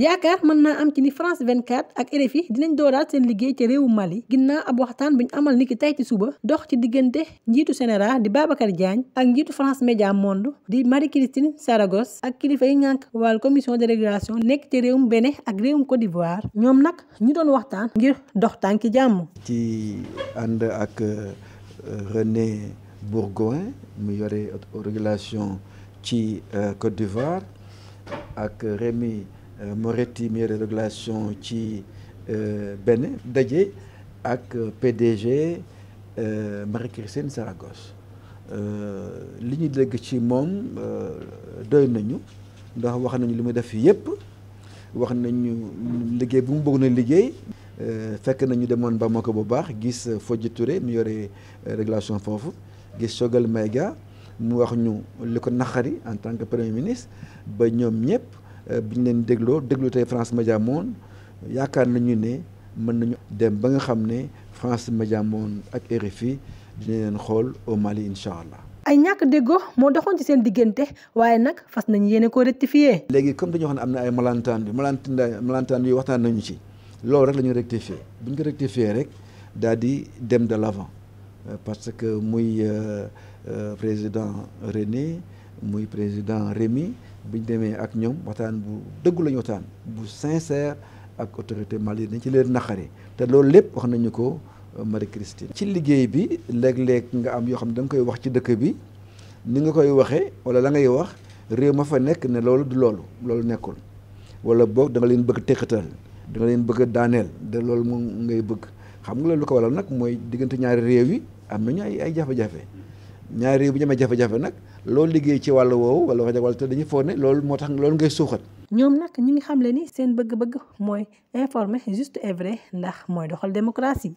yaakaar mën na am ci ni France 24 ak RFI dinañ dooraat seen liggéey ca réewu Mali ginnaaw ab waxtaan buñ amal niki tay ci suba dox ci diggante njiitu Sénégal di Babacar Diagne ak njiitu France Média Monde di Marie-Christine Saragos ak kilifa yi ngànk wàllu commission de régulation nekk ci réewum Bénin ak réewum Côte d'Ivoire ñoom nag ñu doon waxtaan ngir dox tànki jàmm. ci ànd ak euh, René Bourgoin mu yore régulation ci euh, Côte d'Ivoire ak Rémi euh, Moretti mu yore régulation ci euh, Bénin daje ak PDG Marie-Christine Saragosse li ñu dégg ci moom doy nañu ndax wax nañu li mu def yépp wax nañu liggéey bu mu bëgg na liggéey. fekk nañu demoon ba moo ko bu baax gis Fodji Touré mu yore régulation foofu. gis Choguel Maïga mu wax ñu li ko naqari en tant que premier ministre ba ñoom ñëpp euh, bi ñu leen dégloo déglu tey France Média Monde yaakaar nañu ne mën nañu dem ba nga xam ne France Média Monde ak RFI dina leen xool au Mali incha allah. ay ñàkk déggoo moo doxoon ci seen diggante waaye nag fas nañu yéene koo rectifier. léegi comme dañoo xam ne am na ay malentendu malentendu yi waxtaan nañu ci loolu rek la ñuy rectifier bu ñu ko rectifier rek daal di dem de l'avant Euh, parce que muy euh, euh, président René muy président Rémi bu ñu demee ak ñoom waxtaan bu dëggu lañu ñu waxtaan bu sincère ak autorité Mali dañ ci leen naqare te loolu lépp wax nañu ko Marie Christine. ci liggéey bi léeg-léeg nga am yoo xam ne da nga koy wax ci dëkk bi ni nga koy waxee wala la ngay wax réew ma fa nekk ne loolu du loolu loolu nekkul wala boog da leen bëgg teqatal da leen bëgg daaneel de loolu moom ngay bëgg. xam nga loolu lu ko waral nag mooy diggante ñaari réew yi am nañu ay ay jafe-jafe ñaari réew bu ñu amee jafe-jafe nag loolu liggéey ci wàll woowu wala wax dëgg wàll te dañuy foog ne loolu moo tax loolu ngay suuxat. ñoom nag ñi ngi xam xamle ni seen bëgg-bëgg mooy informer juste et vrai ndax mooy doxal démocratie.